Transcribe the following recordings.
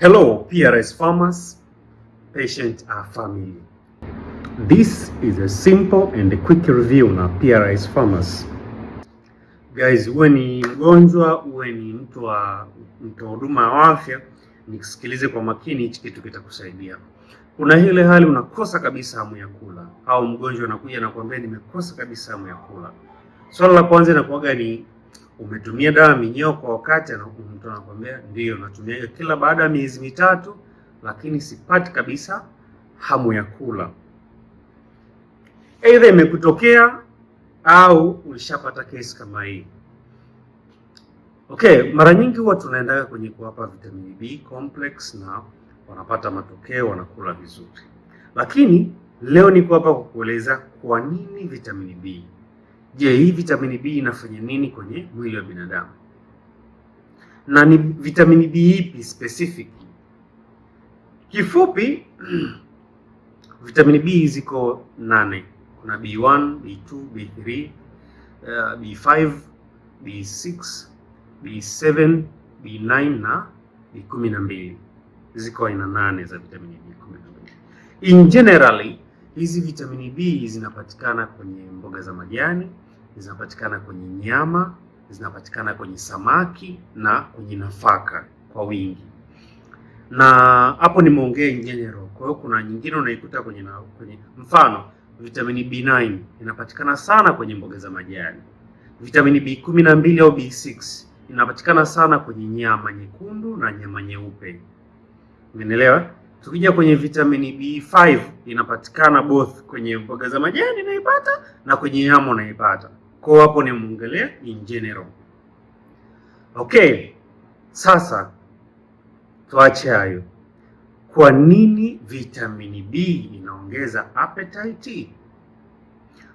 Hello, PRS farmers, patient and family. This is a simple and a quick review na PRS farmers. Guys, uwe ni mgonjwa, uwe ni mtu wa mtoa huduma wa afya, nikusikilize kwa makini, hichi kitu kitakusaidia. Kuna ile hali unakosa kabisa hamu ya kula, au mgonjwa anakuja na nimekosa kabisa hamu ya kula. Swala la kwanza inakuwaga ni umetumia dawa ya minyoo kwa wakati? Mtu anakwambia ndio natumia hiyo kila baada ya miezi mitatu, lakini sipati kabisa hamu ya kula. Aidha imekutokea au ulishapata kesi kama hii. Okay, mara nyingi huwa tunaendaga kwenye kuwapa vitamin B complex na wanapata matokeo, wanakula vizuri, lakini leo niko hapa kukueleza kwa nini vitamin B Je, hii vitamini B inafanya nini kwenye mwili wa binadamu? Na ni vitamini B ipi specific? Kifupi, vitamini B ziko nane. Kuna B1, B2, B3, uh, B5, B6, B7, B9 na B12. Ziko aina nane za vitamini B12. In generally, hizi vitamini B zinapatikana kwenye mboga za majani zinapatikana kwenye nyama, zinapatikana kwenye samaki na kwenye nafaka kwa wingi. Na hapo nimeongea nyenyero. Kwa hiyo kuna nyingine unaikuta kwenye, na, kwenye mfano vitamini B9 inapatikana sana kwenye mboga za majani. Vitamini B12 au B6 inapatikana sana kwenye nyama nyekundu na nyama nyeupe. Umeelewa? Tukija kwenye vitamini B5 inapatikana both kwenye mboga za majani naipata na kwenye nyama unaipata. Kwa hapo nimeongelea in general. Okay, sasa tuache hayo. Kwa nini vitamini B inaongeza appetite?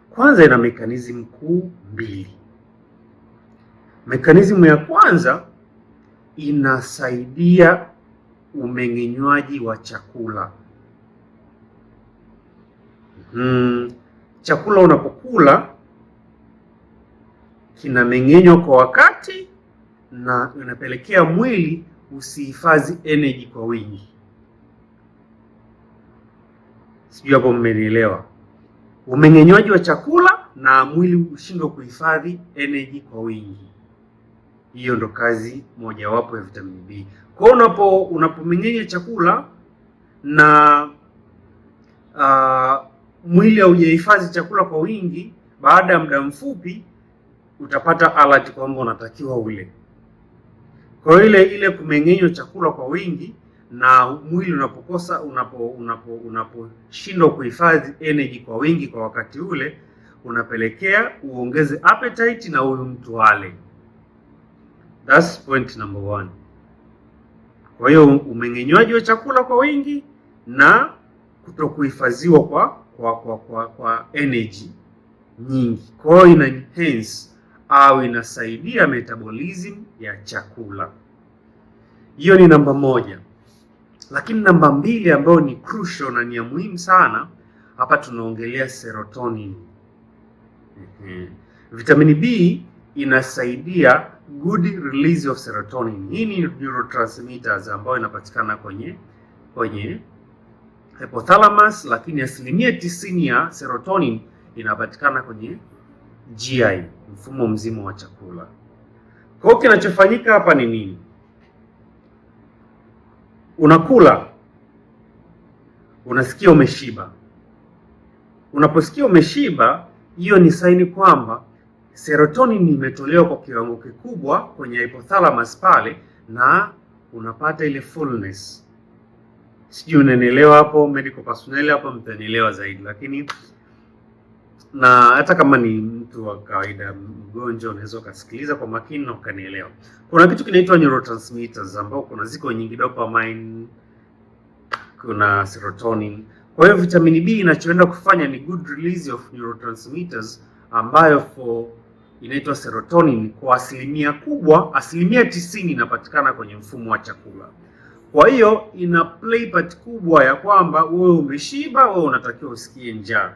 Kwanza ina mekanizimu kuu mbili. Mekanizimu ya kwanza inasaidia umeng'enywaji wa chakula. Hmm, chakula unapokula kinameng'enywa kwa wakati na inapelekea mwili usihifadhi energy kwa wingi. Sijui hapo mmenielewa. Umeng'enywaji wa chakula na mwili ushindwa kuhifadhi energy kwa wingi. Hiyo ndo kazi mojawapo ya vitamini B. Kwa hiyo unapo unapomeng'enya chakula na uh, mwili haujahifadhi chakula kwa wingi, baada ya muda mfupi utapata alert kwamba unatakiwa ule. Kwa hiyo ile ile kumeng'enywa chakula kwa wingi na mwili unapokosa unapo unapo unaposhindwa kuhifadhi energy kwa wingi kwa wakati ule unapelekea uongeze appetite na huyu mtu ale. That's point number one. Kwa hiyo umeng'enywaji wa chakula kwa wingi na kutokuhifadhiwa kwa kwa, kwa, kwa, kwa energy nyingi, kwa hiyo ina hence au inasaidia metabolism ya chakula. Hiyo ni namba moja, lakini namba mbili ambayo ni crucial na ni ya muhimu sana hapa, tunaongelea serotonin. Mm-hmm. Vitamini B inasaidia good release of serotonin. Hii ni neurotransmitters ambayo inapatikana kwenye kwenye hypothalamus, lakini asilimia tisini ya serotonin inapatikana kwenye GI, mfumo mzima wa chakula. Kwa hiyo kinachofanyika hapa ni nini? Unakula, unasikia umeshiba. Unaposikia umeshiba, hiyo ni saini kwamba serotonin imetolewa kwa kiwango kikubwa kwenye hypothalamus pale, na unapata ile fullness. Sijui unanielewa hapo, medical personnel hapo mtanielewa zaidi, lakini na hata kama ni mtu wa kawaida mgonjwa, unaweza ukasikiliza kwa makini na ukanielewa. Kuna kitu kinaitwa neurotransmitters ambao kuna ziko nyingi, dopamine, kuna serotonin. Kwa hiyo vitamini B inachoenda kufanya ni good release of neurotransmitters ambayo for inaitwa serotonin kwa asilimia kubwa, asilimia tisini inapatikana kwenye mfumo wa chakula. Kwa hiyo ina play part kubwa ya kwamba wewe umeshiba, wewe unatakiwa usikie njaa.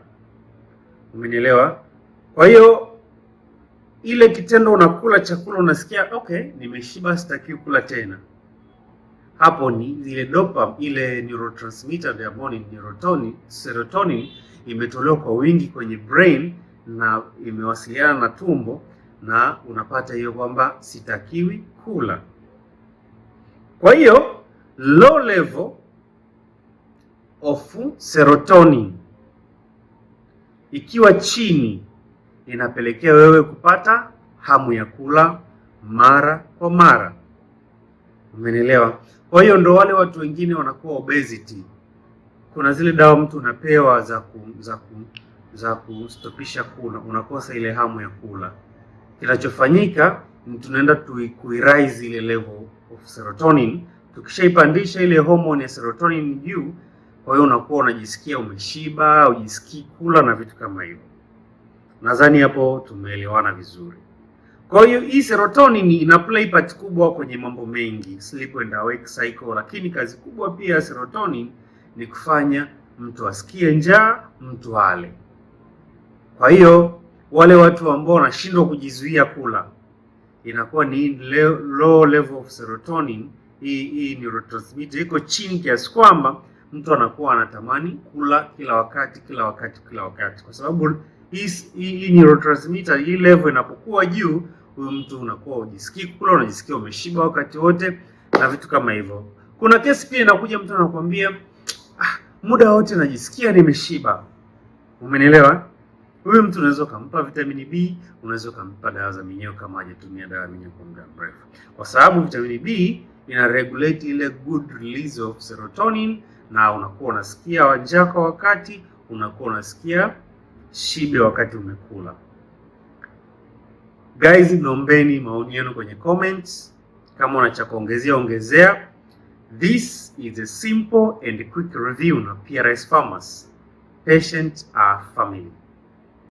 Umenielewa? Kwa hiyo ile kitendo unakula chakula unasikia okay, nimeshiba, sitakiwi kula tena. Hapo ni ile dopa, ile neurotransmitter ya ni neurotoni, serotonin imetolewa kwa wingi kwenye brain na imewasiliana na tumbo, na unapata hiyo kwamba sitakiwi kula. Kwa hiyo low level of serotonin ikiwa chini, inapelekea wewe kupata hamu ya kula mara kwa mara. Umenielewa? Kwa hiyo ndo wale watu wengine wanakuwa obesity. Kuna zile dawa mtu unapewa za ku, za ku, za kustopisha kula, unakosa ile hamu ya kula. Kinachofanyika ni tunaenda kuiraise ile level of serotonin. Tukishaipandisha ile hormone ya serotonin juu kwa hiyo unakuwa unajisikia umeshiba, ujisikii kula na vitu kama hivyo. Nadhani hapo tumeelewana vizuri. Kwa hiyo hii serotonin ina play part kubwa kwenye mambo mengi, sleep and awake cycle, lakini kazi kubwa pia serotonin ni kufanya mtu asikie njaa, mtu ale. Kwa hiyo wale watu ambao wanashindwa kujizuia kula inakuwa ni low level of serotonin, hii hii neurotransmitter iko chini kiasi kwamba mtu anakuwa anatamani kula kila wakati kila wakati kila wakati, kwa sababu hii neurotransmitter hii level inapokuwa juu, huyu mtu unakuwa ujisikii kula, unajisikia umeshiba wakati wote na vitu kama hivyo. Kuna kesi pia inakuja mtu anakuambia ah, muda wote najisikia nimeshiba. Umenielewa? Huyu mtu unaweza ukampa vitamini B, unaweza ukampa dawa za minyoo kama hajatumia dawa ya minyoo kwa muda mrefu, kwa sababu vitamini B ina regulate ile good release of serotonin na unakuwa unasikia wajaka wakati unakuwa unasikia shibe wakati umekula. Guys, niombeni maoni yenu kwenye comments. Kama una cha kuongezea ongezea. This is a simple and quick review na PRS Farmers. Patients are ah, family.